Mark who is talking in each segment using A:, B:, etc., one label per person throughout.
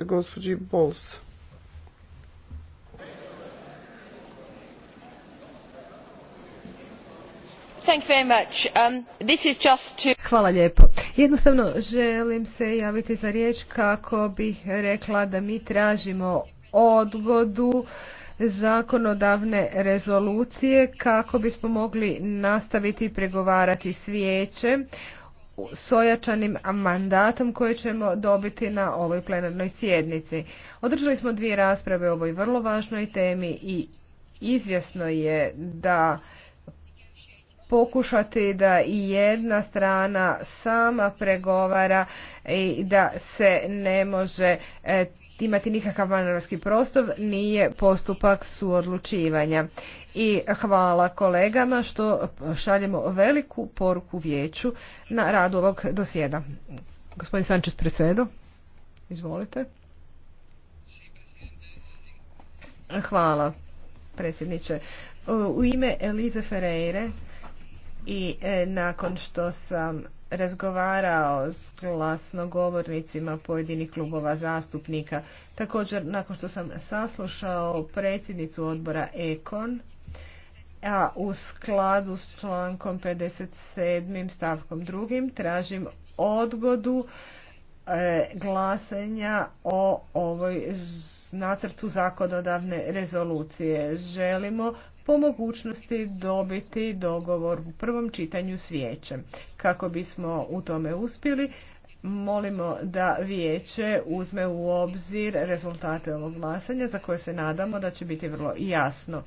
A: gospođi Bols.
B: Um,
C: Hvala lijepo. Jednostavno želim se javiti za riječ kako bih rekla da mi tražimo odgodu zakonodavne rezolucije kako bismo mogli nastaviti pregovarati s s ojačanim mandatom koji ćemo dobiti na ovoj plenarnoj sjednici. Održali smo dvije rasprave o ovoj vrlo važnoj temi i izvjesno je da pokušati da i jedna strana sama pregovara i da se ne može e, imati nikakav manevarski prostor nije postupak suodlučivanja. I hvala kolegama što šaljemo veliku poruku vijeću na radu ovog dosjeda. Gospodin Sančez predsjedo, izvolite. Hvala, predsjedniče. U ime Elize Ferreire i e, nakon što sam razgovarao s glasnogovornicima pojedinih klubova zastupnika. Također, nakon što sam saslušao predsjednicu odbora Ekon, a u skladu s člankom 57. stavkom 2. tražim odgodu e, glasanja o ovoj nacrtu zakonodavne rezolucije. Želimo po mogućnosti dobiti dogovor u prvom čitanju s vijećem. Kako bismo u tome uspjeli, molimo da vijeće uzme u obzir rezultate ovog glasanja za koje se nadamo da će biti vrlo jasno.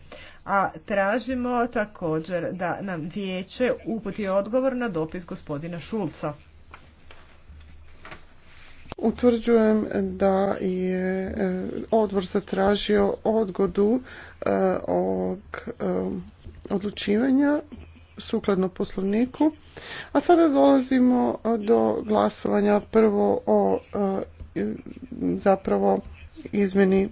C: A tražimo također da nam vijeće uputi odgovor na dopis gospodina Šulca.
A: Utvrđujem da je e, odbor zatražio odgodu e, ovog e, odlučivanja sukladno poslovniku. A sada dolazimo do glasovanja prvo o zapravo izmjeni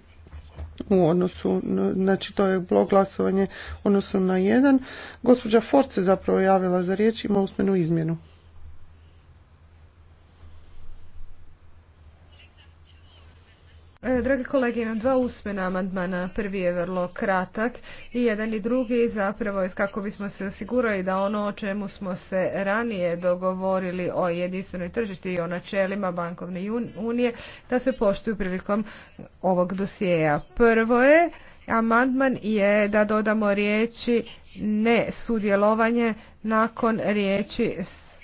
A: u odnosu, znači to je blok glasovanje odnosu na jedan. Gospođa Force zapravo javila za riječ, ima usmenu izmjenu.
C: E, Dragi kolege, imam dva usmena amandmana. Prvi je vrlo kratak i jedan i drugi zapravo je kako bismo se osigurali da ono o čemu smo se ranije dogovorili o jedinstvenoj tržišti i o načelima bankovne unije da se poštuju prilikom ovog dosijeja. Prvo je amandman je da dodamo riječi ne sudjelovanje nakon riječi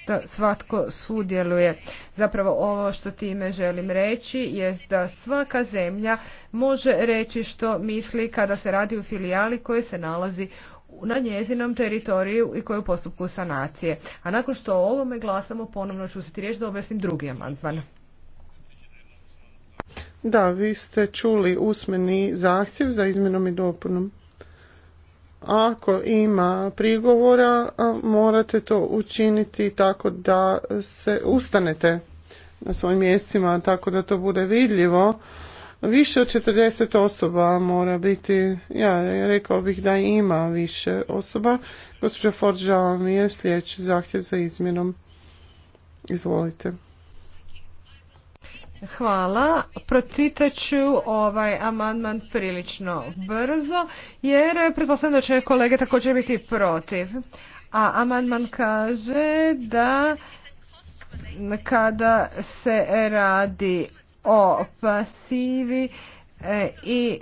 C: da svatko sudjeluje. Zapravo ovo što time želim reći je da svaka zemlja može reći što misli kada se radi u filijali koje se nalazi na njezinom teritoriju i koju postupku sanacije. A nakon što o ovome glasamo, ponovno ću se ti riječ da objasnim drugi amandman.
A: Da, vi ste čuli usmeni zahtjev za izmjenom i dopunom. Ako ima prigovora, morate to učiniti tako da se ustanete na svojim mjestima, tako da to bude vidljivo. Više od 40 osoba mora biti, ja rekao bih da ima više osoba. Gospođa Forđa mi je sljedeći zahtjev za izmjenom.
C: Izvolite. Hvala. Pročitat ću ovaj amandman prilično brzo, jer pretpostavljam da će kolege također biti protiv. A amandman kaže da kada se radi o pasivi e, i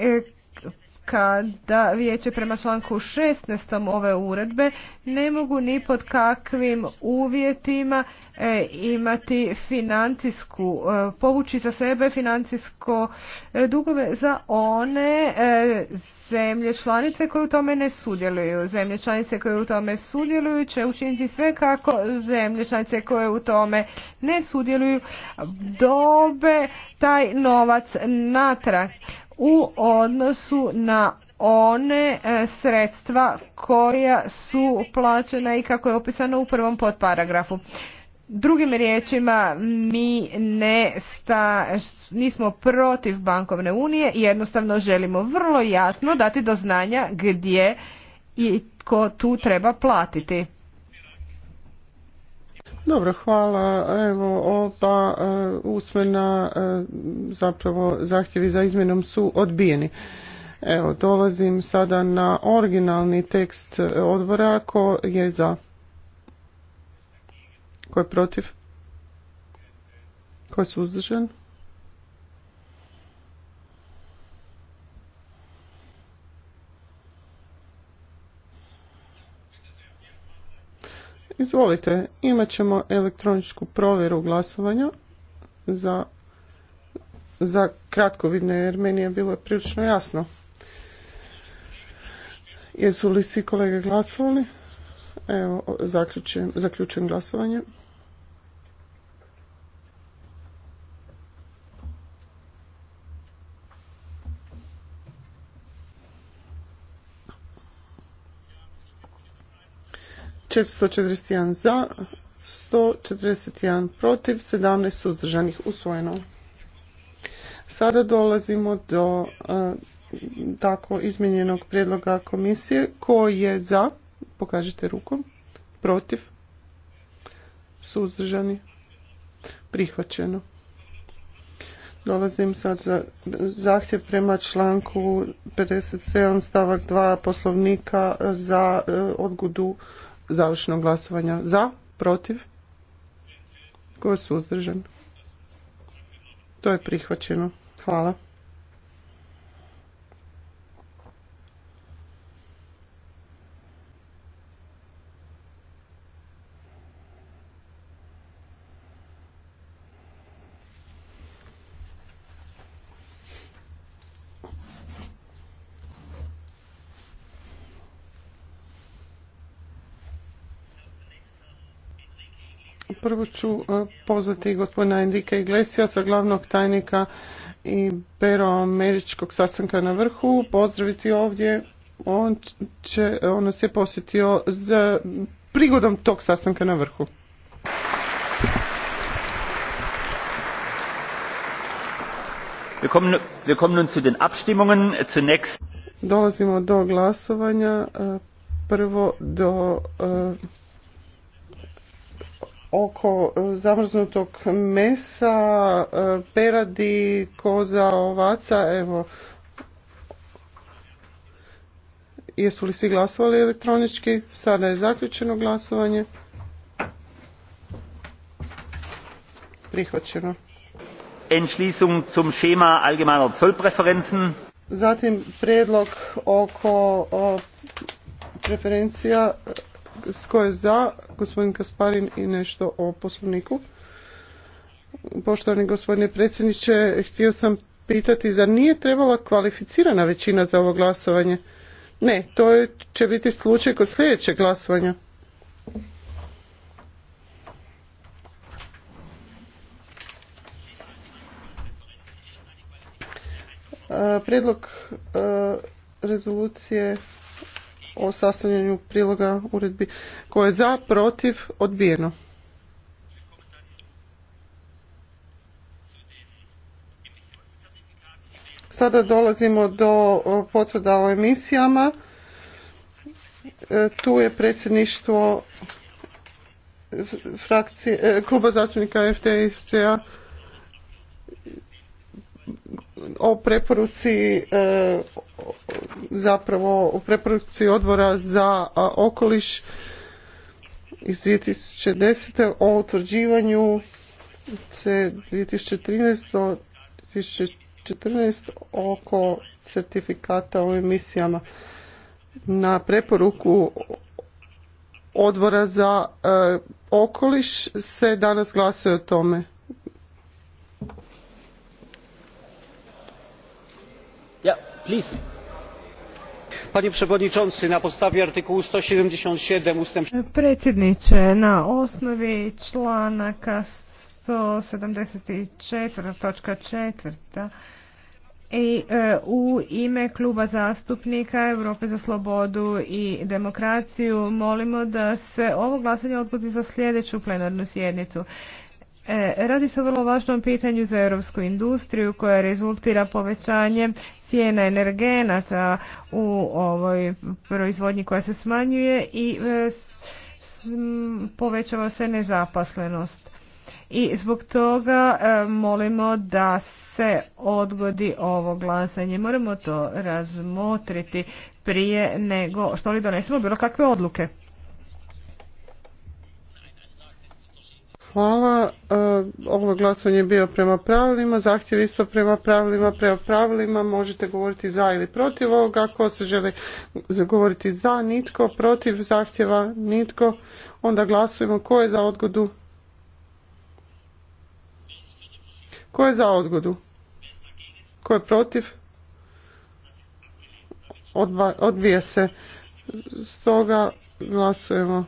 C: kada vijeće prema članku 16. ove uredbe ne mogu ni pod kakvim uvjetima e, imati financijsku, e, povući za sebe financijsko e, dugove za one zemlje članice koje u tome ne sudjeluju. Zemlje članice koje u tome sudjeluju će učiniti sve kako zemlje članice koje u tome ne sudjeluju dobe taj novac natrag u odnosu na one e, sredstva koja su plaćena i kako je opisano u prvom podparagrafu. Drugim riječima, mi ne sta, nismo protiv bankovne unije i jednostavno želimo vrlo jasno dati do znanja gdje i tko tu treba platiti.
A: Dobro, hvala. Evo, oba e, usmena e, zapravo zahtjevi za izmjenom su odbijeni. Evo, dolazim sada na originalni tekst odbora ko je za. koji je protiv? koji je suzdržan? Izvolite, imat ćemo elektroničku provjeru glasovanja za, za kratkovidne jer meni je bilo prilično jasno. Jesu li svi kolege glasovali? Evo, zaključujem glasovanje. 441 za, 141 protiv, 17 suzdržanih usvojeno. Sada dolazimo do e, tako izmijenjenog prijedloga komisije. koji je za? Pokažite rukom. Protiv? Suzdržani? Prihvaćeno. Dolazim sad za zahtjev prema članku 57 stavak 2 poslovnika za e, odgodu završnog glasovanja za, protiv, tko je suzdržan? To je prihvaćeno. Hvala. Prvo ću e, pozvati gospodina Enrika Iglesiasa, glavnog tajnika i američkog sastanka na vrhu, pozdraviti ovdje. On, će, on nas je posjetio za prigodom tog sastanka na vrhu. Dolazimo do glasovanja. E, prvo do e, oko e, zamrznutog mesa, e, peradi, koza, ovaca, evo, jesu li svi glasovali elektronički? Sada je zaključeno glasovanje. Prihvaćeno.
D: Entschließung zum Schema allgemeiner Zollpräferenzen.
A: Zatim prijedlog oko preferencija tko je za, gospodin Kasparin i nešto o poslovniku. Poštovani gospodine predsjedniče, htio sam pitati, za nije trebala kvalificirana većina za ovo glasovanje? Ne, to će biti slučaj kod sljedećeg glasovanja. Prijedlog rezolucije o sastavljanju priloga uredbi. koje je za, protiv, odbijeno. Sada dolazimo do potvrda o emisijama. E, tu je predsjedništvo frakcije, e, kluba zastupnika FTSCA o preporuci e, zapravo o preporuci odbora za okoliš iz 2010. o utvrđivanju C 2013 2014 oko certifikata o emisijama na preporuku odbora za e, okoliš se danas glasuje o tome.
D: panie przewodniczący! na podstawie artykułu sto
C: predsjedniče na osnovi članaka sto sedamdeset četiri točka i e, u ime kluba zastupnika Europe za slobodu i demokraciju molimo da se ovo glasanje odgodi za sljedeću plenarnu sjednicu. E, radi se o vrlo važnom pitanju za europsku industriju koja rezultira povećanjem cijena energenata u ovoj proizvodnji koja se smanjuje i e, povećava se nezaposlenost. I zbog toga e, molimo da se odgodi ovo glasanje. Moramo to razmotriti prije nego što li donesemo bilo kakve odluke.
A: Hvala. E, ovo glasovanje je bio prema pravilima, zahtjev isto prema pravilima, prema pravilima možete govoriti za ili protiv ovoga. Ako se želi govoriti za, nitko, protiv zahtjeva, nitko. Onda glasujemo ko je za odgodu. Ko je za odgodu? Ko je protiv? odbije se. Stoga glasujemo.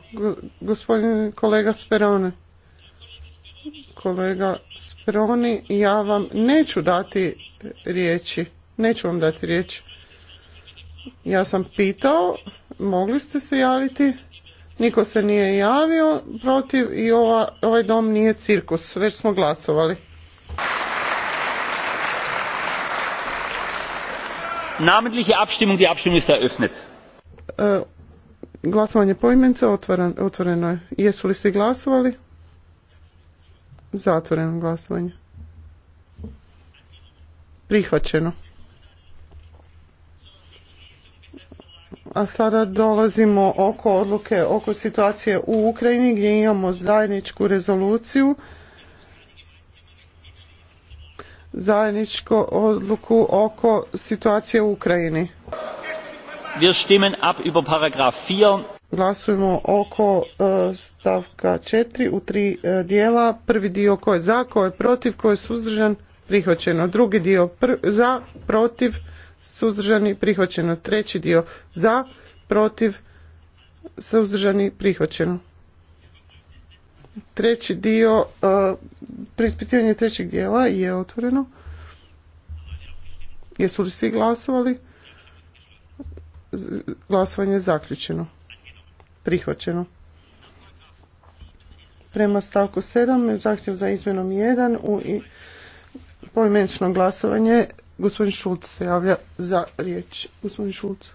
A: Gospodin kolega Sperone kolega Sproni, ja vam neću dati riječi. Neću vam dati riječ. Ja sam pitao, mogli ste se javiti, niko se nije javio protiv i ova, ovaj dom nije cirkus, već smo glasovali.
D: Namentliche Abstimmung, die Abstimmung ist eröffnet.
A: E, glasovanje poimence otvoreno je. Jesu li svi glasovali? Zatvoreno glasovanje. Prihvaćeno. A sada dolazimo oko odluke, oko situacije u Ukrajini gdje imamo zajedničku rezoluciju, zajedničku odluku oko situacije u Ukrajini.
D: Wir stimmen ab über paragraf 4
A: Glasujemo oko e, stavka četiri u tri e, dijela. Prvi dio ko je za, ko je protiv, ko je suzdržan, prihvaćeno. Drugi dio za, protiv, suzdržani, prihvaćeno. Treći dio za, protiv, suzdržani, prihvaćeno. Treći dio, e, preispitivanje trećeg dijela je otvoreno. Jesu li svi glasovali? Glasovanje je zaključeno prihvaćeno. Prema stavku 7, zahtjev za izmjenom 1 u pojmenično glasovanje, gospodin Šulc se javlja za riječ. Gospodin Šulc.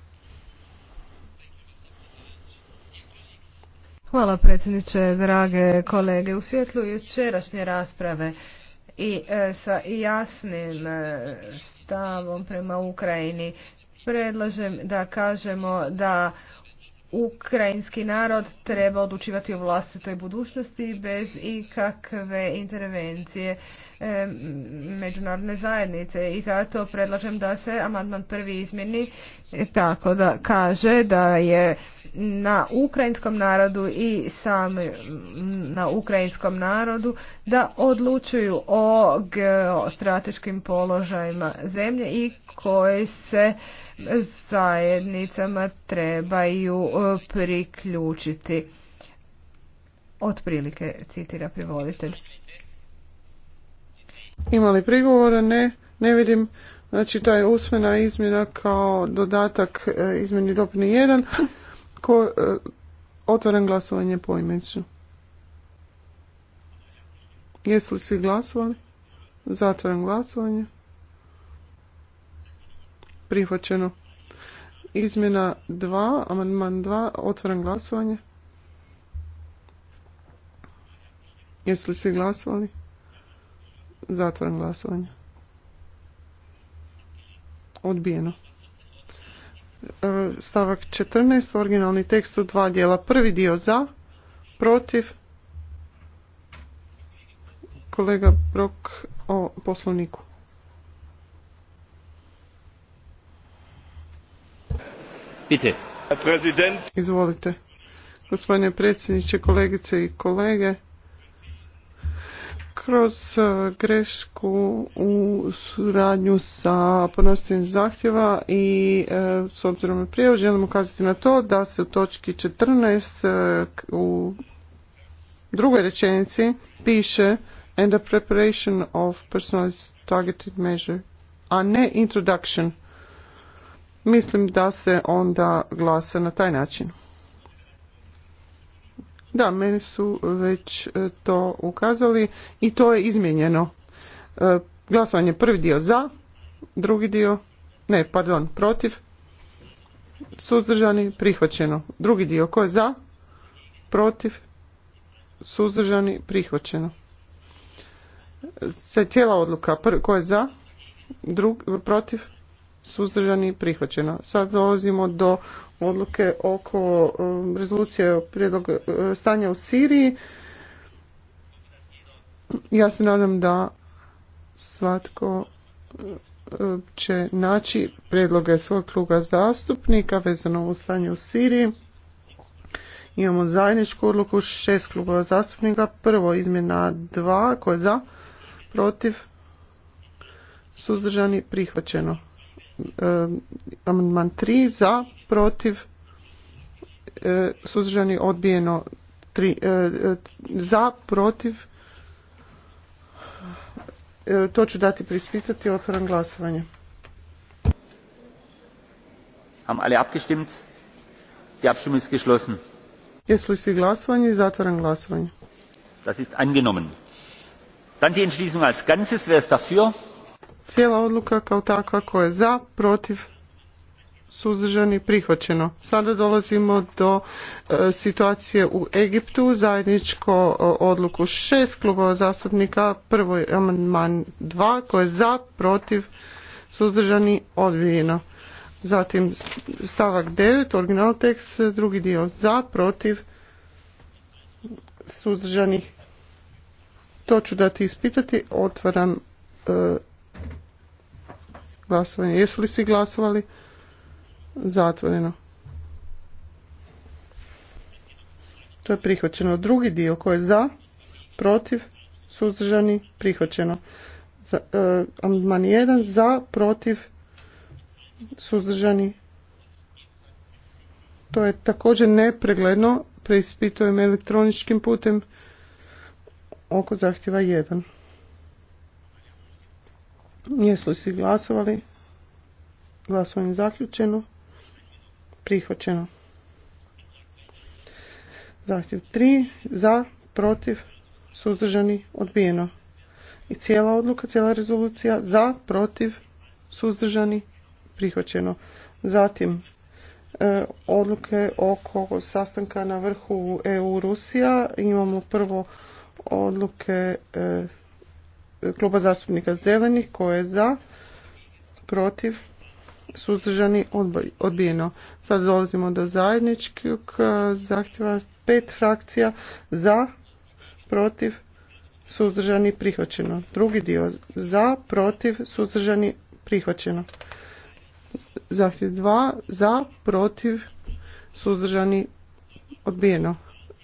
C: Hvala predsjedniče, drage kolege. U svjetlu jučerašnje rasprave i e, sa jasnim e, stavom prema Ukrajini predlažem da kažemo da ukrajinski narod treba odlučivati o vlastitoj budućnosti bez ikakve intervencije E, međunarodne zajednice i zato predlažem da se amandman prvi izmjeni e, tako da kaže da je na ukrajinskom narodu i sam na ukrajinskom narodu da odlučuju o strateškim položajima zemlje i koje se zajednicama trebaju e, priključiti. Otprilike citira privoditelj. Imali li prigovora? Ne, ne vidim.
A: Znači ta je usmena izmjena kao dodatak e, izmjeni dopni 1. Ko, e, otvoren glasovanje po imenicu. Jesu li svi glasovali? Zatvoren glasovanje. Prihvaćeno. Izmjena 2, amandman 2, otvoren glasovanje. Jesu li svi glasovali? Zatvoren glasovanje. Odbijeno. E, stavak 14. Originalni tekst u dva dijela. Prvi dio za, protiv. Kolega Brok o poslovniku. Izvolite. Gospodine predsjedniče, kolegice i kolege kroz e, grešku u suradnju sa podnositeljem zahtjeva i e, s obzirom na prijevo želim ukazati na to da se u točki 14 e, u drugoj rečenici piše and the preparation of personalized targeted measure, a ne introduction. Mislim da se onda glasa na taj način. Da, meni su već e, to ukazali i to je izmijenjeno. E, glasovanje prvi dio za, drugi dio, ne, pardon, protiv, suzdržani, prihvaćeno. Drugi dio, ko je za, protiv, suzdržani, prihvaćeno. E, se cijela odluka, prvi, ko je za, protiv, suzdržani, prihvaćeno. Sad dolazimo do odluke oko um, rezolucije o uh, stanja u Siriji. Ja se nadam da svatko uh, će naći predloge svog kluga zastupnika vezano u stanje u Siriji. Imamo zajedničku odluku šest klubova zastupnika. Prvo izmjena dva, koja je za, protiv, suzdržani, prihvaćeno. E, amandman 3 za, protiv, e, suzdržani odbijeno e, za, protiv, to ću dati prispitati, otvoram glasovanje.
D: Haben alle abgestimmt? Die Abstimmung ist geschlossen.
A: Jesu li svi glasovanje? Zatvoram glasovanje.
D: Das ist angenommen. Dann die Entschließung als Ganzes. Wer ist dafür?
A: Cijela odluka kao takva koja je za, protiv, suzdržani prihvaćeno. Sada dolazimo do e, situacije u Egiptu, zajedničko e, odluku šest klubova zastupnika, prvo je amandman 2 koje je za, protiv, suzdržani, odbijeno. Zatim stavak 9, original tekst, drugi dio za, protiv, suzdržanih. To ću dati ispitati, otvaram e, glasovanje. Jesu li svi glasovali? Zatvoreno. To je prihvaćeno. Drugi dio koji je za, protiv, suzdržani, prihvaćeno. E, amandman jedan. za, protiv, suzdržani. To je također nepregledno. Preispitujem elektroničkim putem oko zahtjeva 1. Jesu li svi glasovali? Glasovanje zaključeno. Prihvaćeno. Zahtjev 3. Za, protiv, suzdržani, odbijeno. I cijela odluka, cijela rezolucija. Za, protiv, suzdržani, prihvaćeno. Zatim, e, odluke oko sastanka na vrhu EU-Rusija. Imamo prvo odluke e, kluba zastupnika zelenih. Ko je za? Protiv? Suzdržani? Odbijeno. Sad dolazimo do zajedničkog e, zahtjeva pet frakcija za, protiv, suzdržani, prihvaćeno. Drugi dio za, protiv, suzdržani, prihvaćeno. Zahtjev dva. za, protiv, suzdržani, odbijeno.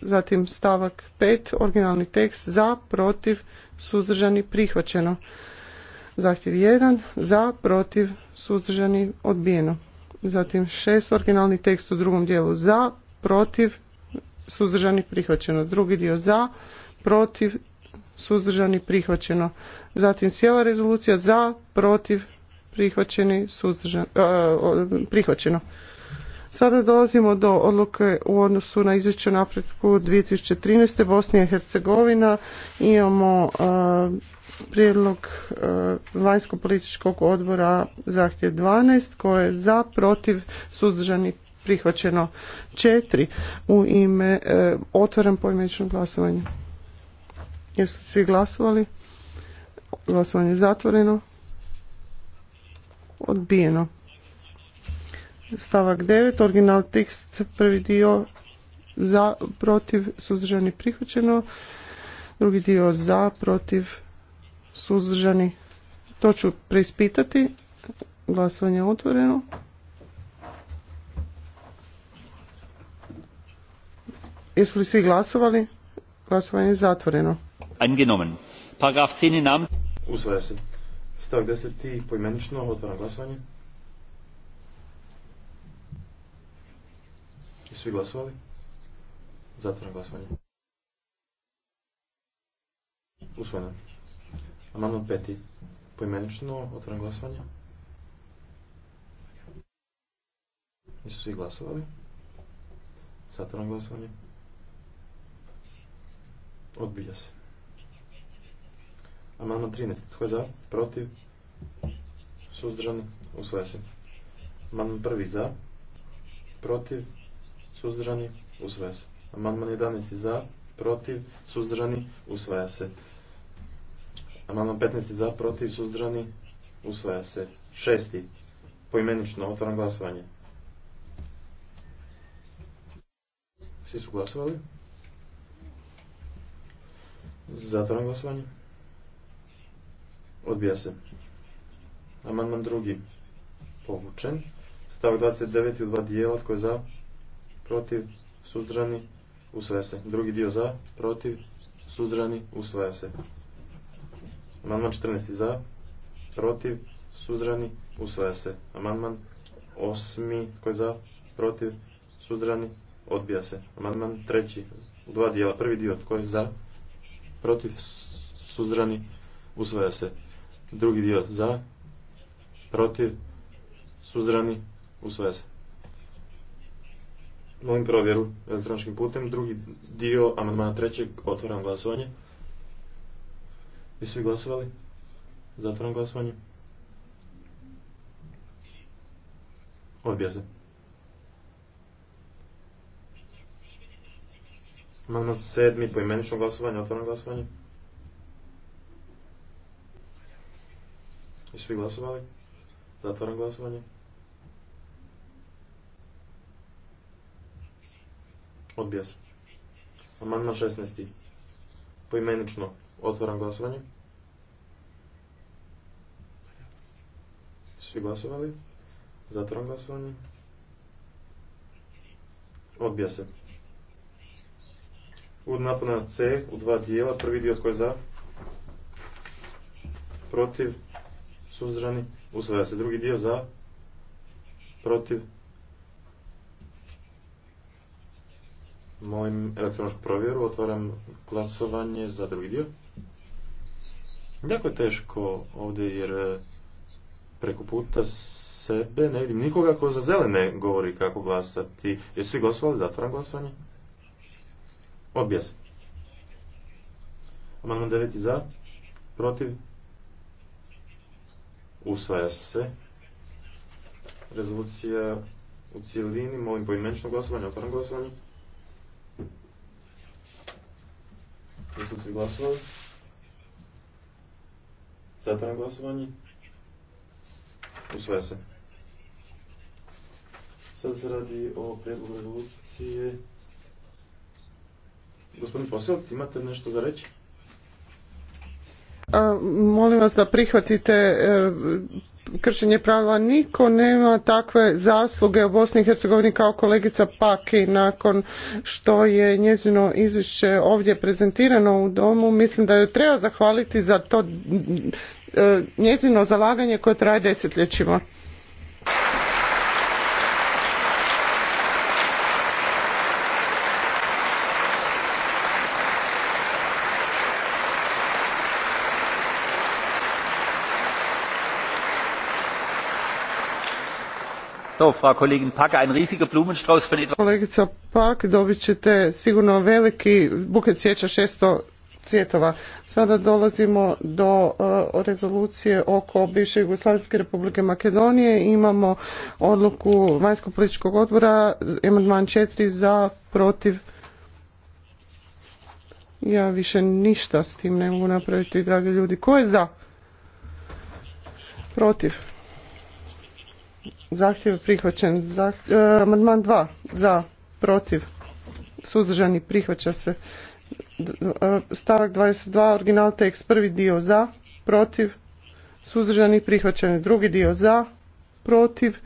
A: Zatim stavak 5, originalni tekst za, protiv, suzdržani, prihvaćeno. Zahtjev 1, za, protiv, suzdržani, odbijeno. Zatim 6, originalni tekst u drugom dijelu za, protiv, suzdržani, prihvaćeno. Drugi dio za, protiv, suzdržani, prihvaćeno. Zatim cijela rezolucija za, protiv, prihvaćeni, e, prihvaćeno. Sada dolazimo do odluke u odnosu na izvješće napretku 2013. Bosnija i Hercegovina. Imamo e, prijedlog e, vanjsko-političkog odbora zahtjev 12 koje je za, protiv, suzdržani prihvaćeno četiri u ime e, otvoren poimenično glasovanje. Jesu svi glasovali? Glasovanje je zatvoreno. Odbijeno stavak 9, original tekst, prvi dio za, protiv, suzdržani prihvaćeno, drugi dio za, protiv, suzdržani. To ću preispitati. Glasovanje je otvoreno. Jesu li svi glasovali? Glasovanje je zatvoreno.
D: Angenomen. Paragraf 10 nam. Usvaja se. Stavak 10 i poimenično otvaram
B: glasovanje. svi glasovali? Zatvoram glasovanje. Usvojeno. Amandman peti. Poimenično otvoram glasovanje. Nisu svi glasovali? Zatvoram glasovanje. Odbilja se. Amandman 13. Tko je za? Protiv? Suzdržani? Usvaja se. Amandman prvi za? Protiv? suzdržani, usvaja se. Amandman 11. za, protiv, suzdržani, usvaja se. Amandman 15. za, protiv, suzdržani, usvaja se. Šesti, poimenično, otvaram glasovanje. Svi su glasovali? Zatvaram glasovanje. Odbija se. Amandman drugi povučen. Stavak 29. u dva dijela, tko je za, protiv, suzdržani, usvaja se. Drugi dio za, protiv, suzdržani, usvaja se.
D: Amandman 14. za,
B: protiv, suzdržani, usvaja se. Amandman 8. koji za, protiv, suzdržani, odbija se. Amandman treći, dva dijela. Prvi dio koji za, protiv, suzdržani, usvaja se. Drugi dio za, protiv, suzdržani, usvaja se. Molim provjeru elektroničkim putem. Drugi dio amandmana trećeg. Otvaram glasovanje. Vi svi glasovali? Zatvaram glasovanje. Odbija se. Amandman sedmi. Poimenično glasovanje. Otvaram glasovanje. Vi svi glasovali? Zatvaram glasovanje. Odbija se. Amandman 16. Poimenično otvoram glasovanje. Svi glasovali? Zatvoram glasovanje. Odbija se. U napona C u dva dijela. Prvi dio tko je za? Protiv? Suzdržani? Usvaja se. Drugi dio za? Protiv? Molim elektronsku provjeru, otvaram glasovanje za drugi dio. Jako je teško ovdje jer e, preko puta sebe ne vidim nikoga ko za zelene govori kako glasati. Jesu svi glasovali? Zatvaram glasovanje. Odbija se. Amandman 9 za, protiv, usvaja se. Rezolucija u cijelini, molim poimenično glasovanje, otvaram glasovanje. Jesu svi glasovali? Zatvaram glasovanje. Usvaja se. Sad se radi o prijedlogu rezolucije. Gospodin Poselt, imate nešto za reći?
A: Molim vas da prihvatite e, kršenje pravila. Niko nema takve zasluge u Bosni i Hercegovini kao kolegica Paki nakon što je njezino izvješće ovdje prezentirano u domu. Mislim da joj treba zahvaliti za to e, njezino zalaganje koje traje desetljećima. Kolegica Pak, dobit ćete sigurno veliki buket cvijeća šesto cvjetova. Sada dolazimo do eh, rezolucije oko bivše Jugoslavijske republike Makedonije. Imamo odluku vanjsko-političkog odbora, amandman 4 za, protiv. Ja više ništa s tim ne mogu napraviti, dragi ljudi. Ko je za? Protiv. Zahtjev prihvaćen. E, amandman 2 za, protiv, suzdržani prihvaća se. E, stavak 22, original tekst, prvi dio za, protiv, suzdržani prihvaćen. Drugi dio za, protiv,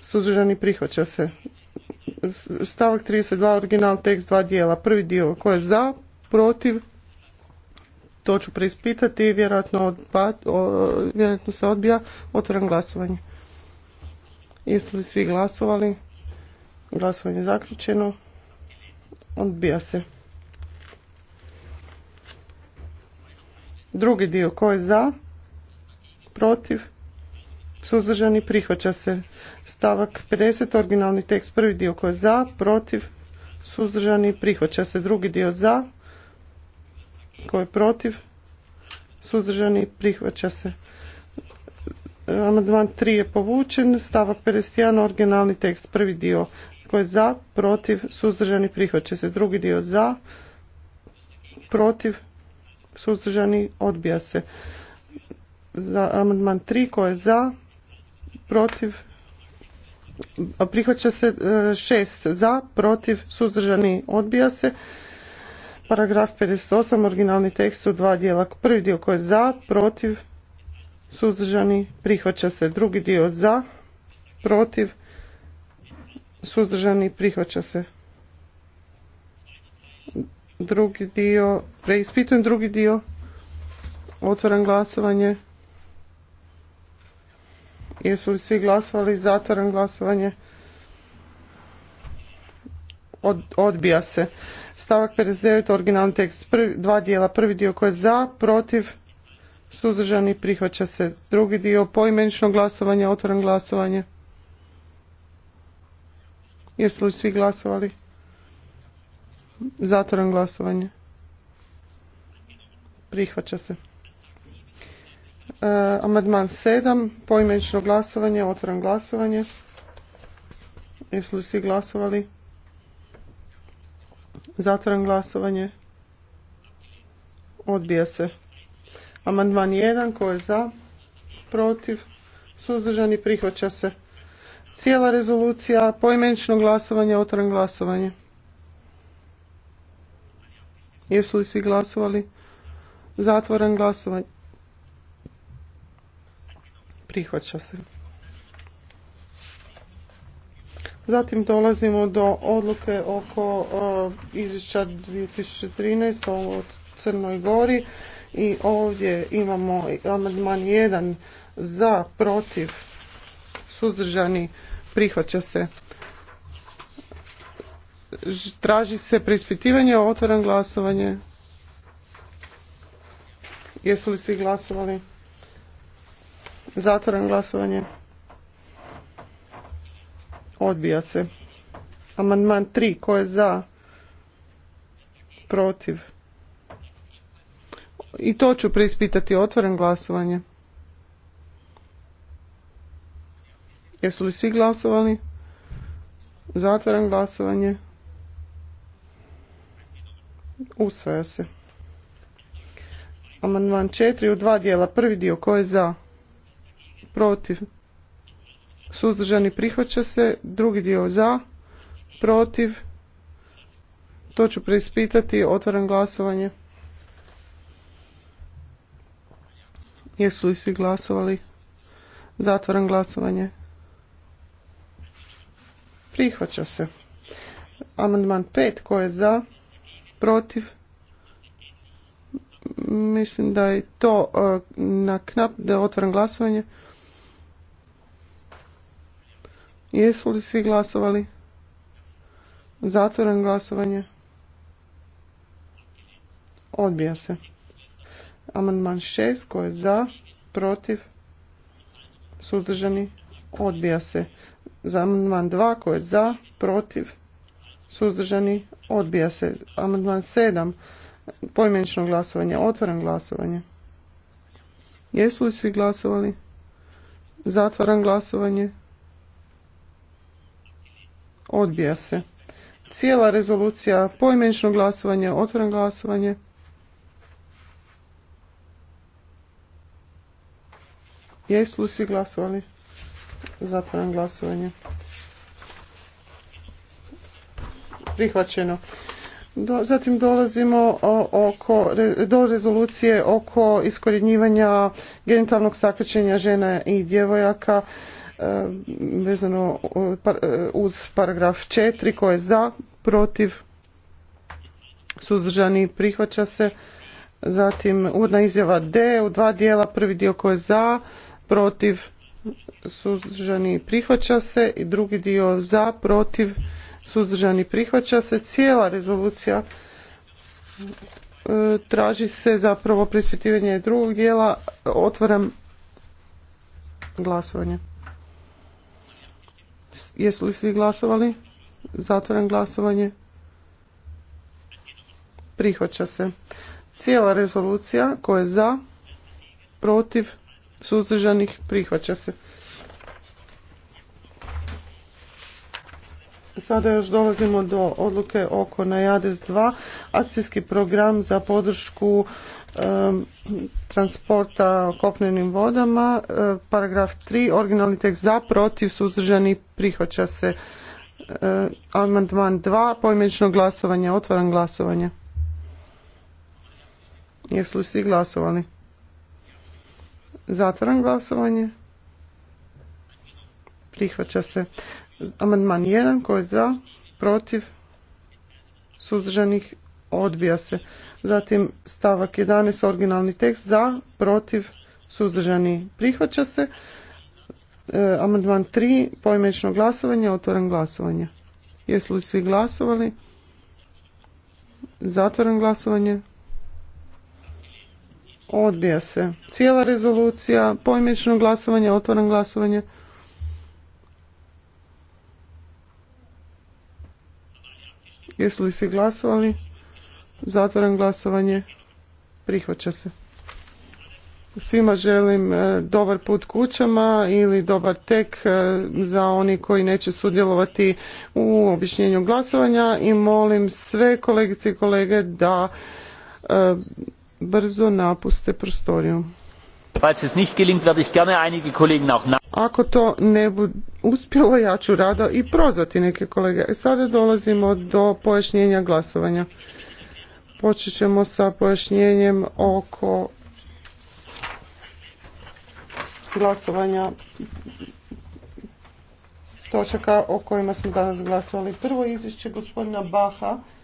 A: suzdržani prihvaća se. Stavak 32, original tekst, dva dijela. Prvi dio koje je za, protiv, to ću preispitati, vjerojatno, vjerojatno se odbija, otvoram glasovanje. Jesu li svi glasovali? Glasovanje je zaključeno. Odbija se. Drugi dio ko je za? Protiv? Suzdržani prihvaća se. Stavak 50. Originalni tekst. Prvi dio ko je za? Protiv? Suzdržani prihvaća se. Drugi dio za? Ko je protiv? Suzdržani prihvaća se. Amandman 3 je povučen, stavak 51, originalni tekst, prvi dio koji je za, protiv, suzdržani, prihvaća se. Drugi dio za, protiv, suzdržani, odbija se. Za amandman 3 koji je za, protiv, prihvaća se e, šest, za, protiv, suzdržani, odbija se. Paragraf 58, originalni tekst u dva dijela. Prvi dio koji je za, protiv, suzdržani, prihvaća se drugi dio za, protiv, suzdržani, prihvaća se drugi dio, preispitujem drugi dio, otvaram glasovanje, jesu li svi glasovali, zatvaram glasovanje, odbija se. Stavak 59, originalni tekst, prvi, dva dijela, prvi dio koji je za, protiv, Suzdržani prihvaća se. Drugi dio poimenično glasovanje, otvoren glasovanje. Jesu li svi glasovali? Zatvoren glasovanje. Prihvaća se. E, Amandman 7, poimenično glasovanje, otvoren glasovanje. Jesu li svi glasovali? Zatvoren glasovanje. Odbija se. Amandman 1. Tko je za? Protiv? Suzdržani? Prihvaća se. Cijela rezolucija, poimenično glasovanje, otvoren glasovanje. Jesu li svi glasovali? Zatvoren glasovanje. Prihvaća se. Zatim dolazimo do odluke oko e, izvješća 2013. o Crnoj Gori. I ovdje imamo amandman 1 za, protiv, suzdržani, prihvaća se. Traži se preispitivanje, otvoran glasovanje. Jesu li svi glasovali? Zatvaram glasovanje. Odbija se. Amandman 3. Ko je za? Protiv? I to ću preispitati otvoren glasovanje. Jesu li svi glasovali? zatvoren glasovanje. Usvaja se. Amandman četiri u dva dijela. Prvi dio koji je za, protiv, suzdržani prihvaća se. Drugi dio za, protiv. To ću preispitati. Otvaram glasovanje. Jesu li svi glasovali? Zatvaram glasovanje. Prihvaća se. Amandman 5. Ko je za? Protiv? Mislim da je to e, na knap da otvaram glasovanje. Jesu li svi glasovali? Zatvaram glasovanje. Odbija se. Amandman 6 koji je za, protiv, suzdržani, odbija se. Za amandman 2 koji je za, protiv, suzdržani, odbija se. Amandman 7 pojmenično glasovanje, otvoren glasovanje. Jesu li svi glasovali? Zatvaram glasovanje. Odbija se. Cijela rezolucija, pojmenično glasovanje, otvoren glasovanje. Jesu svi glasovali? Zatvaram glasovanje. Prihvaćeno. Do, zatim dolazimo oko, do rezolucije oko iskorjenjivanja genitalnog sakrećenja žena i djevojaka e, vezano e, uz paragraf 4 koje je za, protiv, suzdržani prihvaća se. Zatim urna izjava D u dva dijela, prvi dio koji je za, protiv, suzdržani prihvaća se i drugi dio za, protiv, suzdržani prihvaća se. Cijela rezolucija e, traži se zapravo prispitivanje drugog dijela. Otvaram glasovanje. Jesu li svi glasovali? Zatvaram glasovanje. Prihvaća se. Cijela rezolucija koja je za, protiv, suzdržanih, prihvaća se. Sada još dolazimo do odluke oko na JADES 2, akcijski program za podršku transporta kopnenim vodama, e, paragraf 3, originalni tekst za, protiv, suzdržani, prihvaća se. E, Amandman 2, poimenično glasovanje, otvaram glasovanje. Jesu li svi glasovali? Zatvaram glasovanje. Prihvaća se. Amandman 1. koji je za? Protiv? Suzdržanih? Odbija se. Zatim stavak 11. Originalni tekst. Za? Protiv? Suzdržani? Prihvaća se. E, amandman 3. pojmečno glasovanje. Otvaram glasovanje. Jesu li svi glasovali? Zatvaram glasovanje. Odbija se. Cijela rezolucija, pojmično glasovanje, otvaram glasovanje. Jesu li svi glasovali? Zatvaram glasovanje. Prihvaća se. Svima želim e, dobar put kućama ili dobar tek e, za oni koji neće sudjelovati u objašnjenju glasovanja i molim sve kolegice i kolege da e, brzo napuste prostoriju. Ako to ne bude uspjelo, ja ću rado i prozvati neke kolege. E, sada dolazimo do pojašnjenja glasovanja. Počet ćemo sa pojašnjenjem oko glasovanja točaka o kojima smo danas glasovali. Prvo izvješće gospodina Baha